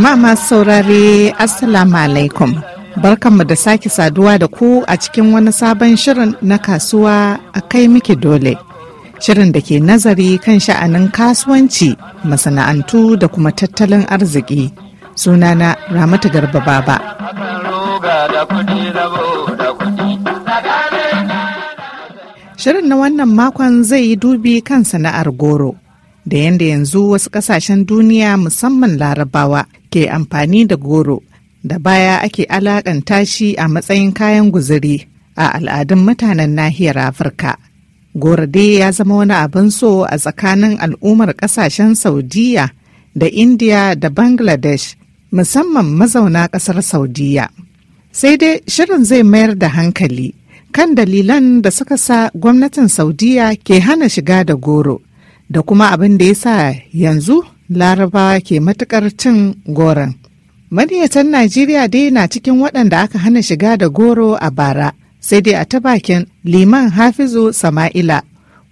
jama'a masu saurare assalamu alaikum barkanmu da sake saduwa da ku a cikin wani sabon shirin na kasuwa a kai miki dole shirin da ke nazari kan sha'anin kasuwanci masana'antu da kuma tattalin arziki sunana ramatu garba baba shirin na wannan makon zai yi dubi kan sana'ar goro da yanda yanzu wasu kasashen duniya musamman larabawa ke amfani da goro da baya ake alakanta shi a matsayin kayan guzuri a al'adun mutanen nahiyar afirka goro dai ya zama wani abin so a tsakanin al'ummar ƙasashen saudiya da Indiya da bangladesh musamman mazauna ƙasar saudiya sai dai shirin zai mayar da hankali kan dalilan da suka sa gwamnatin saudiya ke hana shiga da goro da kuma abin da ya sa yanzu larabawa ke matukar cin goron. Maniyatan Najeriya dai na cikin waɗanda aka hana shiga da goro a bara, sai dai a ta bakin Liman Hafizu Sama'ila,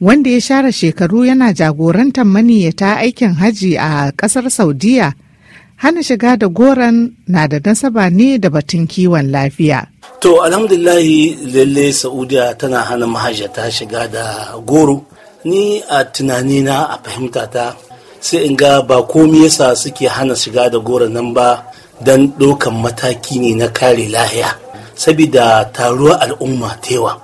wanda ya share shekaru yana jagorantar maniyyata aikin haji a ƙasar Saudiya. Hana shiga da goron na da nasaba ne da batun kiwon lafiya. To alhamdulillahi lalle Saudiya tana hana mahajjata shiga da goro. Ni a tunanina a fahimtata sai in ga ba komi yasa suke hana shiga da goro nan ba don ɗaukan mataki ne na kare lahiya saboda taruwar al'umma tewa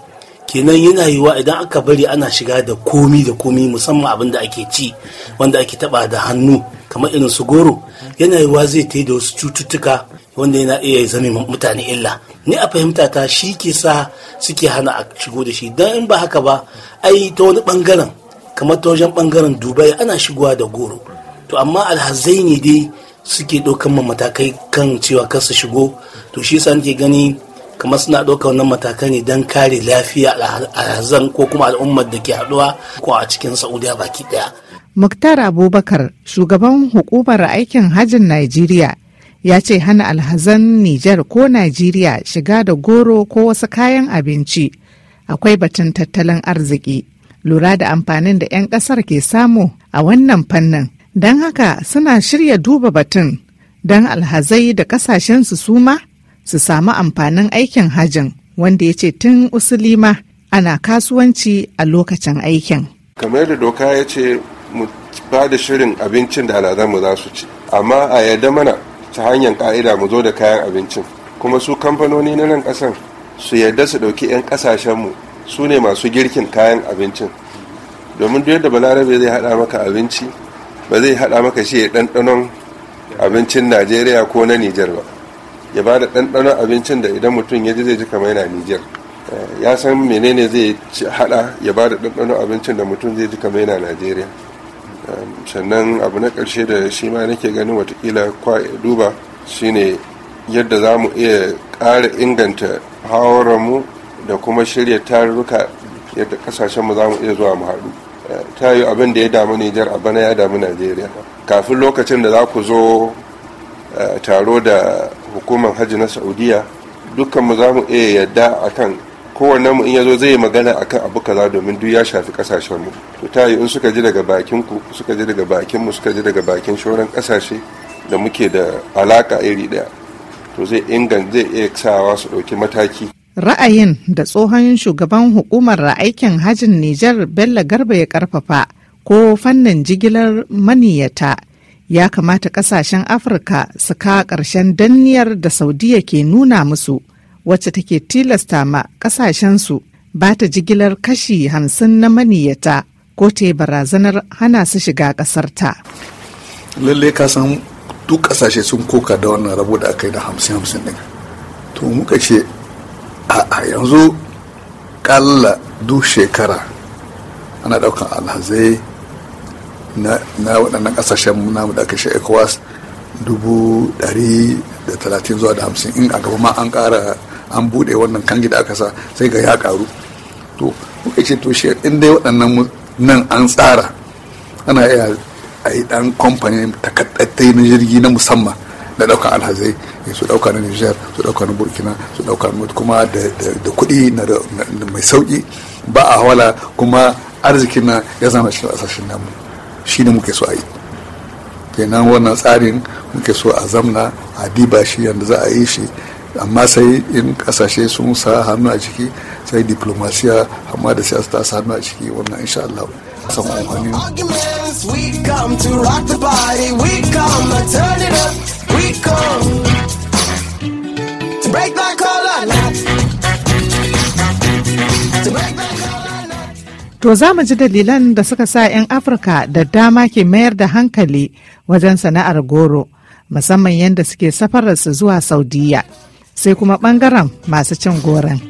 kenan yana yiwa idan aka bari ana shiga da komi da komi musamman abin da ake ci wanda ake taba da hannu kamar irin su goro yana yiwa zai ta da wasu cututtuka wanda yana iya zama mutane illa ni a fahimta ta shi ke sa suke hana a shigo da shi don in ba haka ba ai ta wani bangaren kamar ta wajen bangaren dubai ana shigowa da goro to amma alhazai ne dai suke ma matakai kan cewa kar su shigo to shi yasa nake gani kamar suna ɗaukar wannan matakai ne don kare lafiya alhazan ko kuma al'ummar da ke haɗuwa ko a cikin saudiya baki ɗaya. muktar abubakar shugaban hukumar aikin hajjin najeriya ya ce hana alhazan Nijar ko Najeriya shiga da goro ko wasu kayan abinci akwai batun tattalin arziki lura da amfanin da 'yan kasar ke samu a wannan fannin don haka suna shirya duba batun don alhazai da su suma su samu amfanin aikin hajin wanda ya ce tun usulima ana kasuwanci a lokacin aikin kamar da doka ya ce mu ba da shirin abincin da mu za su ci amma a yarda mana ta hanyar ka'ida mu zo da kayan abincin kuma su kamfanoni na nan kasan su yarda su ɗauki 'yan ƙasashenmu su ne masu girkin kayan abincin domin duk yadda balarabe zai hada maka abinci ba zai hada maka shi ya ɗanɗanon abincin najeriya ko na nijar ba ya ba da ɗanɗanon abincin da idan mutum ya ji zai ji kamar yana nijar eh, ya san menene zai hada ya ba da ɗanɗanon abincin da mutum zai ji kamar yana najeriya eh, sannan abu na ƙarshe da shi ma nake ganin watakila kwa duba shine yadda za mu iya ƙara inganta mu da kuma shirya tarurruka yadda kasashenmu za mu iya zuwa mu haɗu ta yi abin da ya damu nijar a bana ya damu najeriya kafin lokacin da za ku zo eh, taro da hukumar hajji na saudiya dukkanmu za mu iya yadda a kan. kowanne mu in ya zo zai yi magana a kan abu kaza domin duk ya shafi kasashen mu to ta yi in suka ji daga bakin ku suka ji daga bakin mu suka ji daga bakin shoran kasashe da muke da alaka iri daya to zai inganta zai iya sawa su ɗauki mataki Ra'ayin da tsohon shugaban hukumar aikin hajin Nijar Bello Garba ya karfafa ko fannin jigilar maniyata ya kamata kasashen Afirka su ka ƙarshen danniyar da Saudiya ke nuna musu wacce take tilasta ma kasashensu ba ta jigilar kashi hamsin na maniyata ko ta barazanar hana su shiga ƙasarta. Lallai ka san duk ƙasashe sun koka da wannan rabo da aka yi da hamsin hamsin ɗin. To muka ce a yanzu kalla duk shekara ana daukan alhazai na waɗannan ƙasashen namu da aka ecowas dubu ɗari da talatin zuwa da hamsin in a gaba ma an ƙara an buɗe wannan kangi da aka sa sai ga ya ƙaru to kuka ce to shi in dai waɗannan nan an tsara ana iya a yi ɗan kamfani takaddattai na jirgi na musamman da daukan alhazai su dauka na niger su dauka na burkina su dauka na kuma da kuɗi mai sauki ba a hawala kuma arzikin na ya zama cikin asashen namu shi ne muke so a yi kenan wannan tsarin muke so a zamna a diba shi yadda za a yi shi amma sai in kasashe sun sa hannu a ciki sai diplomasiya amma da siyasa ta sa hannu a ciki wannan insha Allah san amfani To za mu ji dalilan da suka sa 'yan Afirka da dama ke mayar da hankali wajen sana'ar goro, musamman yadda suke safararsu zuwa Saudiya, sai kuma ɓangaren masu cin goron.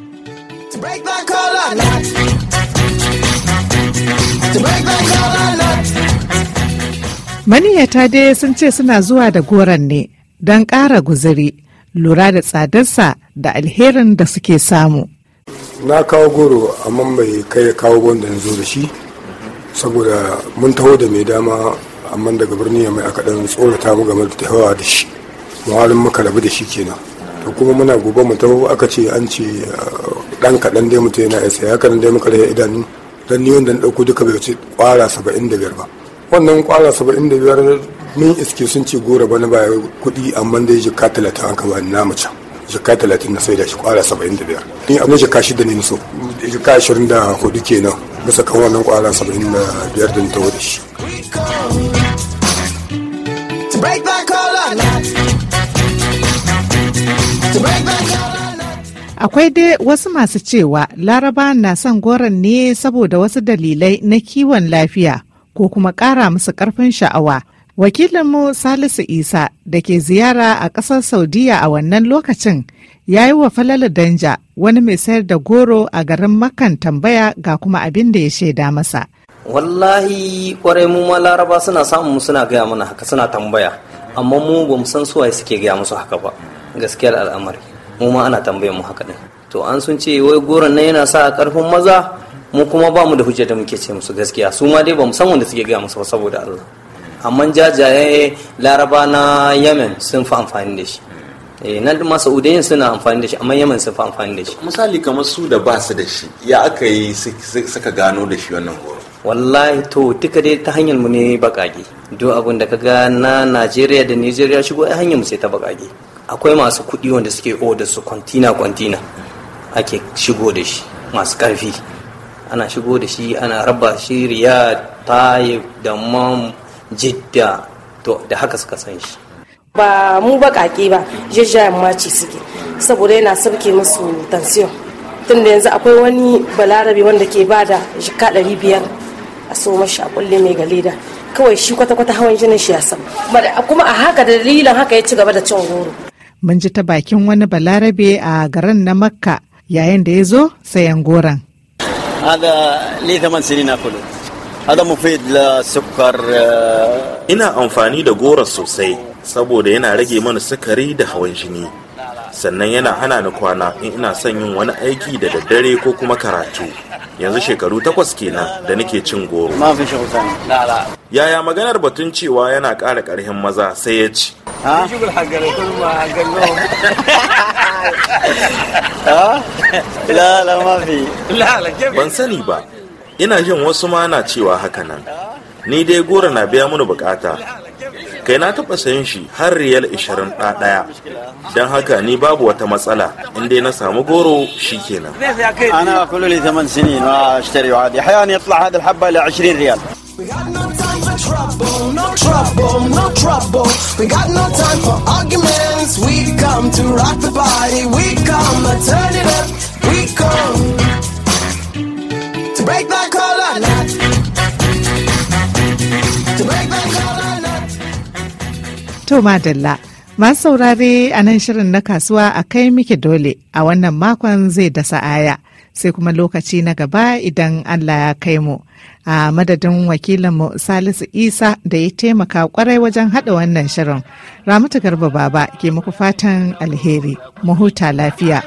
Maniyata dai sun ce suna zuwa da goron ne, don ƙara guzuri lura da tsadarsa da alherin da suke samu. Na kawo goro amma bai kai ya kawo wanda yanzu da shi saboda mun taho da mai dama amma daga birni ya mai aka dan tsorata mu game da hawa da shi muhalin muka rabu da shi kenan to kuma muna gobe mu taho aka ce an ce dan ah, kaɗan dai mutum yana isa ya kaɗan dai muka rage idanu dan ni wanda na ɗauko duka bai wuce kwara saba'in da biyar ba wannan kwara saba'in da biyar min iske sun ce gora bana ba kuɗi amma dai ka talatin an kaba na mace ka talatin na sai da shi kwara saba'in da biyar ni amma da shida ne so ka ashirin da hudu kenan bisa kan wannan kwara saba'in da biyar da ta wuce shi. Akwai dai wasu masu cewa laraba na son goron ne saboda wasu dalilai na kiwon lafiya ko kuma ƙara musu ƙarfin sha'awa Wakilinmu Salisu Isa da ke ziyara a ƙasar Saudiya a wannan lokacin ya yi wa Falalu Danja wani mai sayar da goro a garin Makan tambaya ga kuma abin da ya shaida masa. Wallahi kwarai mu ma Laraba suna samun mu suna gaya mana haka suna tambaya amma mu ba mu san suwaye suke gaya musu haka ba gaskiyar al'amari mu ma ana tambayar mu haka din to an sun ce wai goron nan yana sa a karfin maza mu kuma ba mu da hujja da muke ce musu gaskiya su ma dai ba mu san wanda suke gaya musu ba saboda Allah amma jajaye laraba na yemen sun fi amfani da shi eh, na ma saudiyin suna amfani da shi amma yaman sun fi amfani da shi misali kamar su da ba su da shi ya aka yi suka gano da shi wannan horo wallahi to duka dai ta hanyar mu ne bakage duk abin da ga na Najeriya da Nigeria shigo a hanyar mu sai ta bakage akwai masu kuɗi wanda suke order su kwantina kwantina ake shigo da shi masu karfi ana shigo da shi ana raba shi riya yi da jidda to da haka suka san shi ba mu baƙaƙe ba jajjayen maci suke saboda yana sabke masu tansiyon tun da yanzu akwai wani balarabe wanda ke ba da jika ɗari biyar a so mashi a kulle mai galeda kawai shi kwata-kwata hawan jinin shi ya sam kuma a haka da dalilin haka ya ci gaba da cin goro mun ji ta bakin wani balarabe a garin na makka yayin da ya zo sayan goron. Hada man sirina هذا مفيد للسكر ina amfani da goro sosai saboda yana rage mana sukari da hawan jini sannan yana hana ni kwana in ina son yin wani aiki da daddare ko kuma karatu yanzu shekaru takwas kenan da nake cin goro yaya maganar batun cewa yana ƙara ƙarfin maza sai ya ci ban sani ba ina jin wasu ma na cewa haka nan ni dai goro na biya mini bukata kai na taba sayin shi har riyal 20 da daya dan haka ni babu wata matsala in dai na samu goro shikenan ana kullu li zaman sini na ashtari wa hadi hayani yatla hada alhabba li 20 riyal We got no time for arguments. We come to rock the body. We come to turn it up. To madalla. Masu saurare a nan shirin na kasuwa a kai miki dole a wannan makon zai dasa aya sai kuma lokaci na gaba idan Allah ya kai mu. A madadin wakilinmu Salisu Isa da ya taimaka kwarai wajen haɗa wannan shirin. Ramatu Garba Baba ke muku fatan alheri, mu huta lafiya.